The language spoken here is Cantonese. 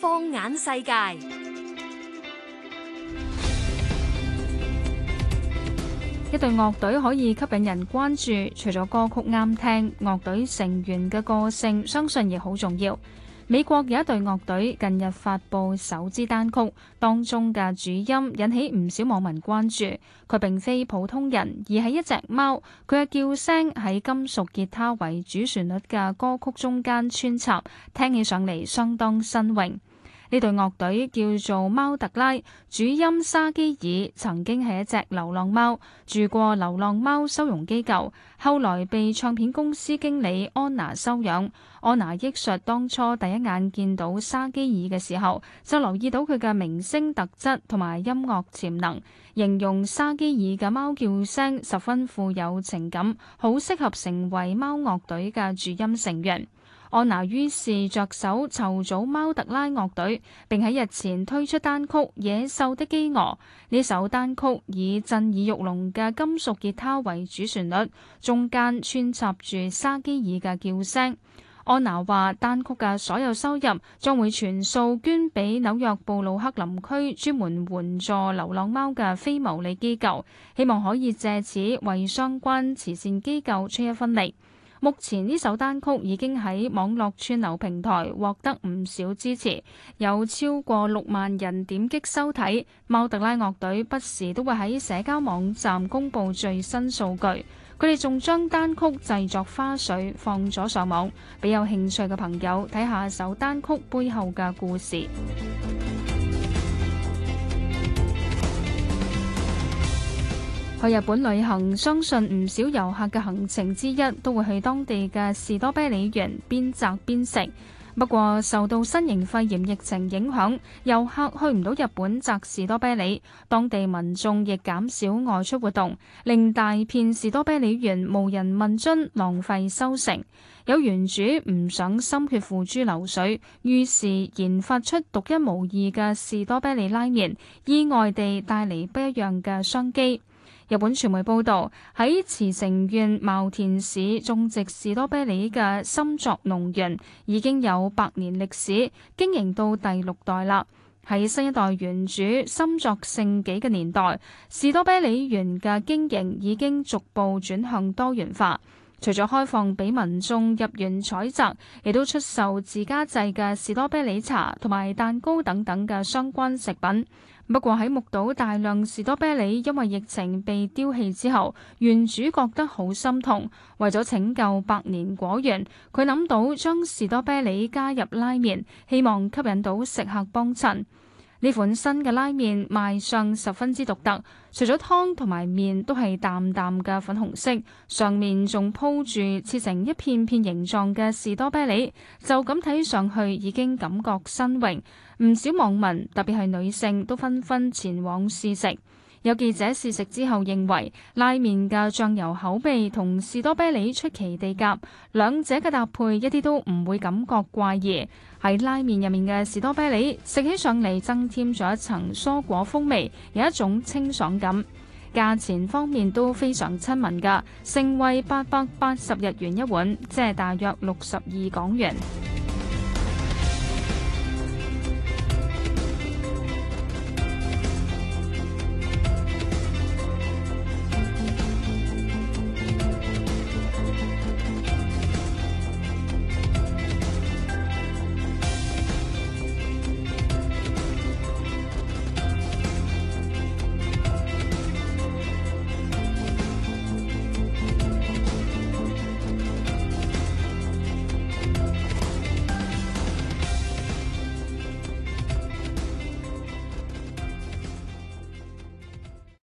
放眼世界，一隊樂隊可以吸引人關注。除咗歌曲啱聽，樂隊成員嘅個性，相信亦好重要。美國有一隊樂隊近日發佈首支單曲，當中嘅主音引起唔少網民關注。佢並非普通人，而係一隻貓。佢嘅叫聲喺金屬吉他為主旋律嘅歌曲中間穿插，聽起上嚟相當新穎。呢隊樂隊叫做貓特拉，主音沙基爾曾經係一隻流浪貓，住過流浪貓收容機構，後來被唱片公司經理安娜收養。安娜憶述，當初第一眼見到沙基爾嘅時候，就留意到佢嘅明星特質同埋音樂潛能，形容沙基爾嘅貓叫聲十分富有情感，好適合成為貓樂隊嘅主音成員。安娜於是着手籌組貓特拉樂隊，並喺日前推出單曲《野獸的飢餓》。呢首單曲以震耳欲聾嘅金屬吉他為主旋律，中間穿插住沙基爾嘅叫聲。安娜話：單曲嘅所有收入將會全數捐俾紐約布魯克林區專門援助流浪貓嘅非牟利機構，希望可以借此為相關慈善機構出一分力。目前呢首單曲已經喺網絡串流平台獲得唔少支持，有超過六萬人點擊收睇。貓特拉樂隊不時都會喺社交網站公布最新數據，佢哋仲將單曲製作花絮放咗上網，俾有興趣嘅朋友睇下首單曲背後嘅故事。去日本旅行，相信唔少遊客嘅行程之一都會去當地嘅士多啤梨園邊摘邊食。不過受到新型肺炎疫情影響，遊客去唔到日本摘士多啤梨，當地民眾亦減少外出活動，令大片士多啤梨園無人問津，浪費收成。有園主唔想心血付諸流水，於是研發出獨一無二嘅士多啤梨拉麵，意外地帶嚟不一樣嘅商機。日本傳媒報導，喺茨城縣茂田市種植士多啤梨嘅深作農園已經有百年歷史，經營到第六代啦。喺新一代園主深作盛紀嘅年代，士多啤梨園嘅經營已經逐步轉向多元化，除咗開放俾民眾入園採摘，亦都出售自家製嘅士多啤梨茶同埋蛋糕等等嘅相關食品。不過喺目睹大量士多啤梨因為疫情被丟棄之後，園主覺得好心痛，為咗拯救百年果園，佢諗到將士多啤梨加入拉麵，希望吸引到食客幫襯。呢款新嘅拉麵賣相十分之獨特，除咗湯同埋麵都係淡淡嘅粉紅色，上面仲鋪住切成一片片形狀嘅士多啤梨，就咁睇上去已經感覺新穎。唔少網民，特別係女性，都紛紛前往試食。有記者試食之後認為，拉麵嘅醬油口味同士多啤梨出奇地夾，兩者嘅搭配一啲都唔會感覺怪異。喺拉麵入面嘅士多啤梨食起上嚟，增添咗一層蔬果風味，有一種清爽感。價錢方面都非常親民㗎，盛惠八百八十日元一碗，即係大約六十二港元。